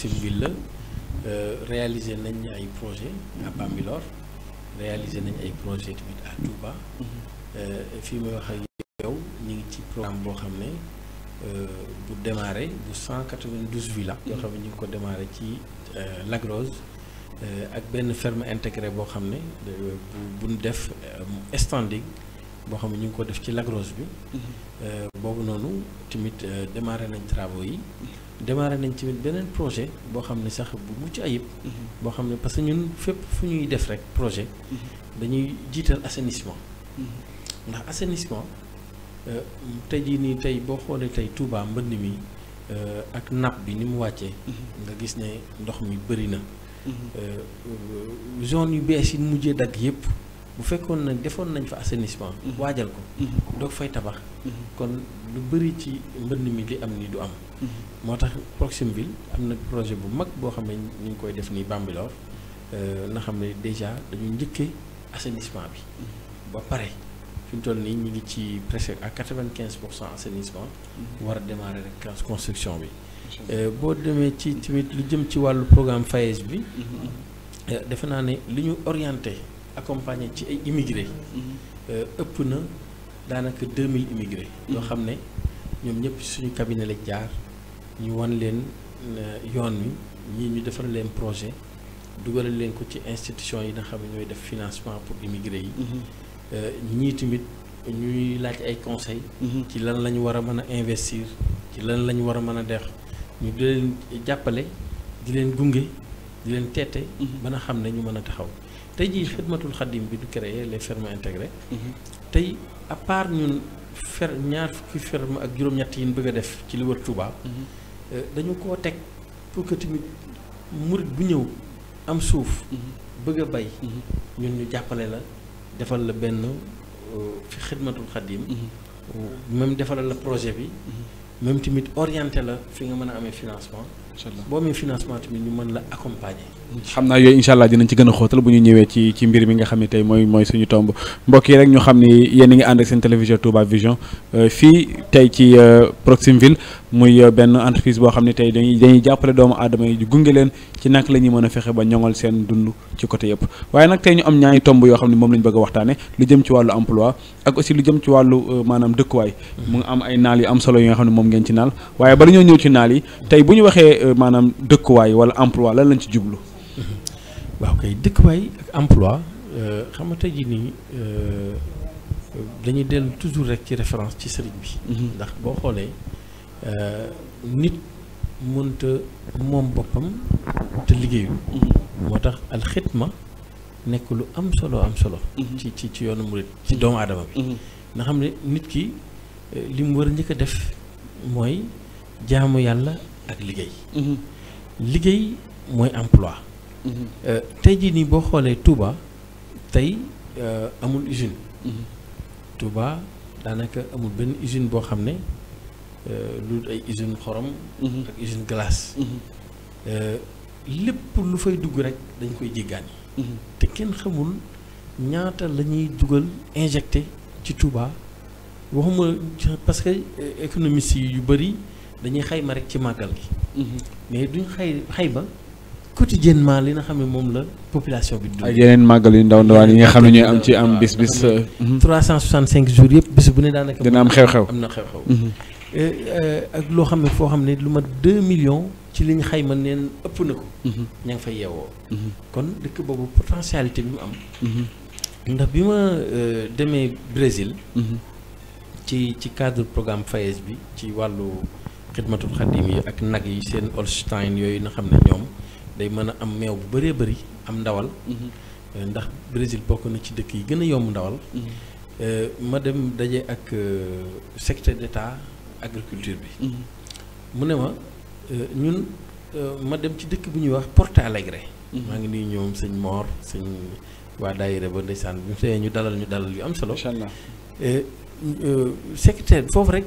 seen euh, réaliser nañ ay projet à Bambilor réaliser nañ ay projet tamit à Touba mm-hmm. euh, fi may wax ak yow ñu ngi ci programme bo xamné euh bu démarrer bu 192 villas mm-hmm. yo xam ne ñu ko démarrer ci euh, Lagrose euh ak ben ferme intégrée bo xamné bu buñ def standing bo xam ne ñu ko def ci Lagrose bi mm-hmm. euh bobu nonu démarrer nañ travaux yi démarré nañ ci beneen projet boo xam ne sax bu mucc ayib. boo xam ne parce que ñun fépp fu ñuy def rek projet. dañuy jiital assainissement. ndax assainissement euh, te jii nii tey boo xoolee tey Touba mbënd mi euh, ak napp bi ni mu wàccee. nga gis ne ndox mi bëri na. Mhm. Euh, zone yu bees yi mujjee dagg yépp bu fekkoon nañ defoon nañ fa assainissement. Mhm. waajal ko. Mhm. doog fay tabax. Mhm. kon lu bëri ci mbënn mi li am ni du am. moo tax proxime ville am na projet bu mag boo xam ne ñu koy def nii Bambilor euh, na xam ne déjà dañu njëkkee assainissement bi. ba pare fi ñu toll nii ñu ngi ci presque ak quatre-vingt-quinze pour cent assainissement. war a démarrer rek construction bi. Euh, boo demee ci tamit lu jëm ci wàllu programme FAES bi. Euh, defe naa ne li ñu orienté. accompagné ci ay immigré euh, ëpp na daanaka 2000 immigré yoo xam ne ñoom ñëpp suñu cabinet la jaar ñu wan leen euh, yoon wi ñii ñu defar leen projet dugalal leen ko ci institution yi nga xam ne ñooy def financement pour immigré yi mhm. euh, ñii tamit ñuy laaj ay conseil mhm. ci lan lañu ñu war a mën a investir ci lan la ñu war a mën a dex ñu di leen jàppale di leen gunge di leen teete mhm. ba nga xam ne ñu mën a taxaw تي خدمة الخادم بدو كري لي فيرم انتغري تي ابار نون فير نيار كي فيرم اك جوروم نيات يين بغا ديف تي لوور توبا دانيو كو تك بو كو تيميت مورد بو نيو ام سوف بغا باي نون ني جابالي لا ديفال لا بن في خدمة الخادم ميم ديفال لا بروجي بي ميم تيميت اورينتي لا امي فينانسمون boo amee financement tamit ñu mën la accompagner. xam naa yooyu incha allah dinañ ci gën a xóotal bu ñu ñëwee ci ci mbir mi nga xam ne tey mooy suñu tomb mbokk rek ñu xam ni yéen ngi ànd ak seen télévision Touba Vision euh, fii tey ci euh, Proximville muy euh, benn entreprise boo xam ne tey dañuy dañuy jàppale doomu aadama yi gunge leen ci nak la ñuy mën a fexe ba ñoŋal seen dund ci côté yëpp waaye nag tey ñu am ñaari tomb yoo xam ne moom la ñu bëgg a waxtaane lu jëm ci wàllu emploi ak aussi lu jëm ci wàllu maanaam dëkkuwaay mm-hmm. mu am ay naal yu am solo yi nga xam ne moom ngeen ci naal Euh, maanaam dëkkuwaay wala emploi lan lañ ci jublu. waaw kay dëkkuwaay ak emploi euh, xam nga tey jii nii euh, dañuy dellu toujours rek ci référence ci sëriñ bi. Mhm. ndax boo xoolee nit mënta moom boppam te liggéeyul. Mhm. moo tax alxitma nekk lu am solo am solo. Mhm. ci ci ci yoonu murit ci doomu aadama bi. nga xam ne nit ki li mu war a njëkk a def mooy jaamu yàlla ak liggéey. Mhm. liggéey mooy emploi. Mhm. Euh, tey jii nii boo xoolee Touba tey euh, amul usine. Mhm. Touba daanaka amul benn usine boo xam ne euh, lu ay usine xorom. ak usine glace. lépp lu fay dugg rek dañ koy jéggaani. te kenn xamul ñaata la ñuy dugal injecté ci Touba waxuma parce que économistes yu bëri. dañuy xayma rek ci màggal gi. Mhm. mais duñ xay xayma quotidiennement li na xam ne moom la population bi. dund ak yeneen màggal yu ndaw ndawaan yi nga xam ne ñooy am ci am bis bis. Euh, mhm. cinq jours yëpp bis bu ne daanaka. dina am xew-xew na mhm. euh, euh, ak loo xam ne foo xam ne lu ma 2 millions ci li ñu xayma neen ëpp na ko. ña ngi fay yeewoo. kon dëkk boobu potentialité bi mu am. ndax bi ma demee Brésil. ci ci cadre programme FAES bi ci wàllu. xidmatul xadim yi ak nag yi seen Holstein yooyu nga xam ne ñoom day mën a am meew bu bëree bëri am ndawal. Mm-hmm. ndax Brésil bokk na ci dëkk yi gën a yomb ndawal. Mm-hmm. Euh, ma dem daje ak euh, secteur d'état agriculture bi. Mm-hmm. mu ne ma euh, ñun ma dem ci dëkk bu ñuy wax Porto Alegre. maa ngi nuyu ñoom sëñ Mor sëñ waa daayira ba ndeysaan bi ñu dalal ñu dalal yu am solo. incha foofu rek.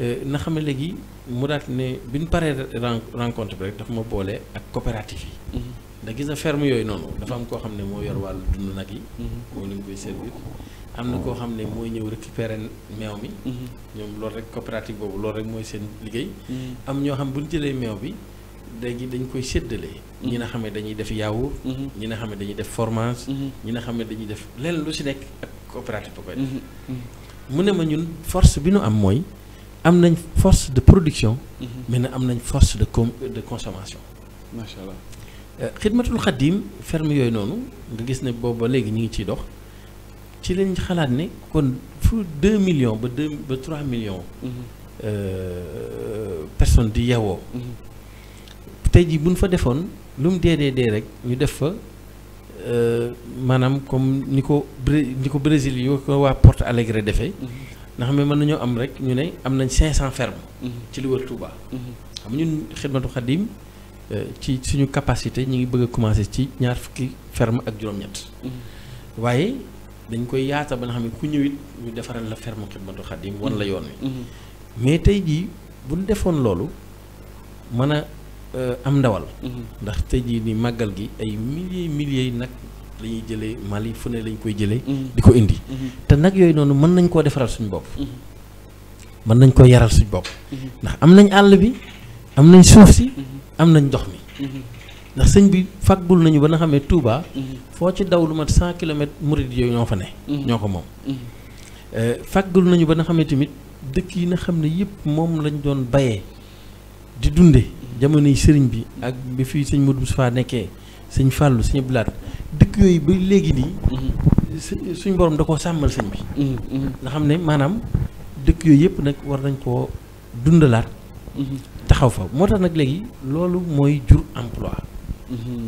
Euh, na xam ne léegi mu daal ne bi ñu paree rencontre bi rek daf ma boole ak coopérative yi. Mhm. ndax gis na ferme yooyu noonu dafa am koo xam ne moo yor wàllu dund nag yi. moom mhm. la koy servir am na koo xam ne mooy ñëw récupérer meew mi. Mhm. ñoom loolu rek coopérative boobu loolu rek mooy seen liggéey. am ñoo xam bu ñu jëlee meew bi léegi dañ koy séddale. ñi nga xam ne dañuy def yaourt. ñi nga xam dañuy def fromage. ñi nga xam ne dañuy def lenn lu si nekk ak coopérative ba koy mu ne ma ñun force bi nu am mooy. am nañ force de production. Mhm. mais na am nañ force de de consommation. machallah allah xidmatul euh, xaddim ferme yoy nonou nga gis ne bobu ba ñi ñu ngi ciy dox ci lañ xalaat ne kon fu 2 millions ba 2 ba 3 millions. Mhm. Euh, personnes di yeewoo. Mhm. tey jii bu ñu fa defoon lum dédé dé rek ñu def fa euh manam comme niko niko Brésil yo ko waa Porto Alegre defee. ndax mais mën nañoo am rek ñu ne am nañ 500 fermes. Mhm. ci li wër Touba. Mhm. xam ñun xidmatu xadim euh, ci suñu capacité ñu ngi bëgg a commencé ci ñaar fukki ferme ak juróom-ñett. Mhm. waaye dañ koy yaata ba nga xam ne ku ñëw ñu defaral la ferme xidmatu xadim wan la yoon wi. mais tey jii bu ñu defoon loolu mën a euh, am ndawal. ndax tey jii ni màggal gi ay milliers milliers nag la ñuy jëlee Mali fu ne lañ koy jëlee. Mm-hmm. di ko indi. Mm-hmm. te nag yooyu noonu mën nañ koo defaral suñu bopp. Mm-hmm. mën nañ koo yaral suñu bopp. ndax am nañ àll bi am nañ suuf si. am nañ ndox mi. ndax sëñ bi fàggul nañu ba na xam ne Touba. foo ci daw lu mat cent kilomètres murid yooyu ñoo fa ñoo ko moom. Euh, fàggul nañu ba nga xam tamit dëkk yi na xam ne yëpp moom lañ doon bayee di dunde jamonoy sëriñ bi ak bi fii sëñ Modou Moustapha nekkee sëñ Fallou sëñ Blaat dëkk yooyu ba léegi nii. Mhm. suñ borom da bi. Mhm, mhm. nga xam ne maanaam dëkk yooyu yëpp nag war nañ koo dundalaat. taxaw fa moo tax nag léegi loolu mooy jur emploi.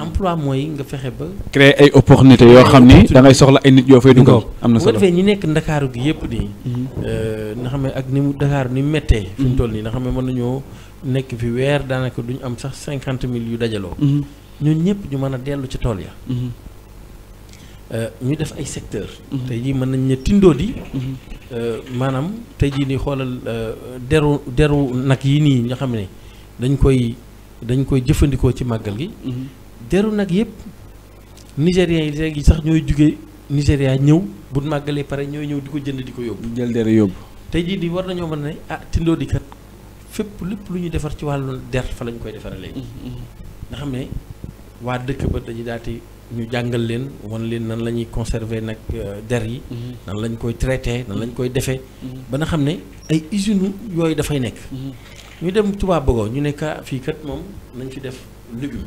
emploi mooy nga fexe ba. créer ay opportunité yoo xam ni da ngay soxla ay nit yoo fay dugal. am na solo bu ko defee ñi nekk ndakaaru gi ni nii. Euh, nga xam ne ak ni mu ndakaaru ni mu méttee. fi mu toll nii nga xam fi duñ am sax cinquante yu dajaloo. ñun ñëpp ñu a ci tool ya. Euh, ñu def ay secteurs. Mhm. tey jii mën nañ ne tindoo mhm. euh, maanaam tey jii nii xoolal euh, deru deru nag yi nii nga xam ne dañ koy dañ koy jëfandikoo ci màggal gi. Mhm. deru nag yëpp nigériens yi léegi sax ñooy jugee Nigéria ñëw bu màggalee pare ñooy ñëw di ko jënd di ko yóbbu. jël deru yóbbu. tey jii di war nañoo mën ne ah tindoo di fépp lépp lu ñuy defar ci wàllu der fa lañ koy defara léegi. nga ne waa dëkk ba dañuy daal ñu jàngal leen wan leen nan la ñuy conserver nag euh, der yi. Mhm. nan lañ koy traité nan lañ koy defee. Mhm. ba nga xam ne ay usines yooyu dafay nekk. Mhm. ñu dem tubaab Bogo ñu ne ka fii kat moom nañ fi def légume.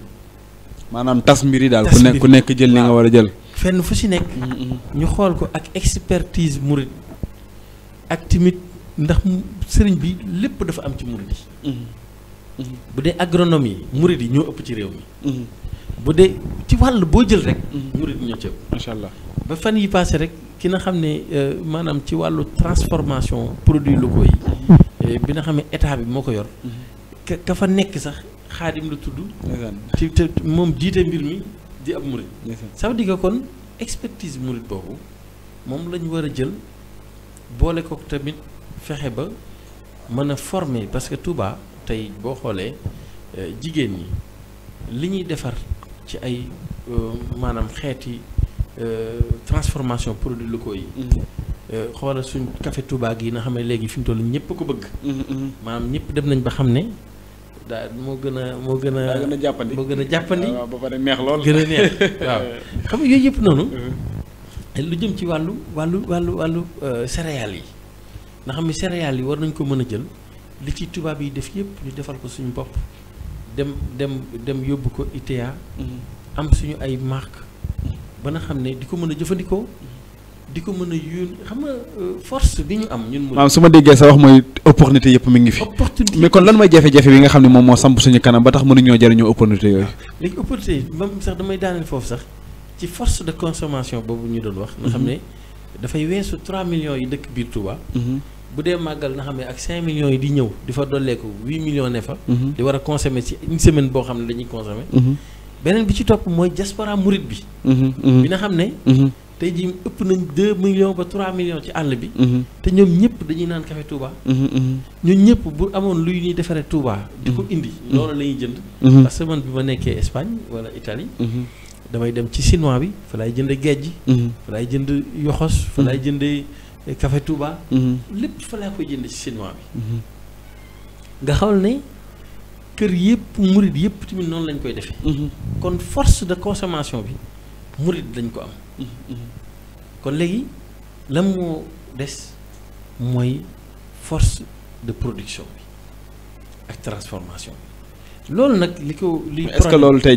maanaam tas mbir yi daal ku nekk ku nekk jël li nga war a jël. fenn fu si nekk. ñu xool ko ak expertise murid ak timit ndax sëriñ bi lépp dafa am ci murid yi. bu dee agronomie murid yi ñoo ëpp ci réew mi. bu dee ci wàll boo jël rek. Mm-hmm. murid ñoo ci macha allah ba fan yi paase rek ki nga xam ne euh, maanaam ci wàllu transformation produit lu yi. Mm-hmm. Euh, bi nga xam ne état bi moo ko yor. Mm-hmm. ka ka fa nekk sax xaadim la tudd. ci moom jiite mbir mi di ab murid. ça veut kon expertise murid boobu moom la ñu war a jël boole ko tamit fexe ba mën a former parce que Touba tey boo xoolee euh, jigéen ñi li ñuy defar. ci ay euh, maanaam xeeti euh, transformation produits lu koy mm-hmm. euh, xoolal suñ café tubaab yi na xam ne léegi fi mu toll ñëpp ko bëgg. Mm-hmm. maanaam ñëpp dem nañ ba xam ne. daal moo gën a moo gën a. moo gën a jàppandi moo gën a jàppandi. Ah, waaw eh. xam nga yooyu yëpp noonu. Mm-hmm. lu jëm ci wàllu wàllu wàllu wàllu céréales yi. nga xam ne céréales yi war nañ ko mën a jël li ci tubaab yi def yëpp ñu defal ko suñu bopp. dem dem dem yóbbu ko ITA. Mm-hmm. am suñu ay marque mm-hmm. ba na xam ne di ko mën a jëfandikoo. Mm-hmm. di ko mën a yu xam nga euh, force bi ñu am. ñun maanaam su ma déggee sa wax mooy opportunité yëpp mi ngi fi. opportunité mais kon lan may jafe-jafe bi nga xam ne moom moo samp suñu kanam ba tax mënuñoo jëriñoo opportunité yooyu. Ah, léegi opportunité yi moom sax damay daaneel foofu sax ci force de consommation boobu ñu doon wax. nga xam ne dafay weesu 3 millions yi dëkk biir Touba. budé magal na xamé ak 5 millions yi di ñëw di fa dolleeku 8 millions ne fa. Mhm. di wara consommer ci une semaine bo xamné dañuy consommer. Mhm. benen bi ci top moy diaspora murit bi. Mhm, bi nga xam ne. tey ëpp nañ 2 millions ba 3 millions ci àll bi. té ñom ñëpp dañuy naan café Touba. ñun ñëpp bu amon luy ñi defaree Touba. di ko indi loolu lañuy jënd. parce que man bi ma nekkee Espagne wala Italie. damay dem ci chinois bi fa lay jënd gejj. fa lay jënd yoxos fa lay jëndee. café Touba. Mhm. lépp fa laa koy jënd ci chinois bi. Mhm. nga xamal ne kër yëpp murid yëpp tamit noonu lañ koy defee. Mhm. kon force de consommation bi murid lañ ko am. kon léegi lan moo des mooy force de production bi ak transformation bi loolu nag li ko. li est-ce que loolu tey.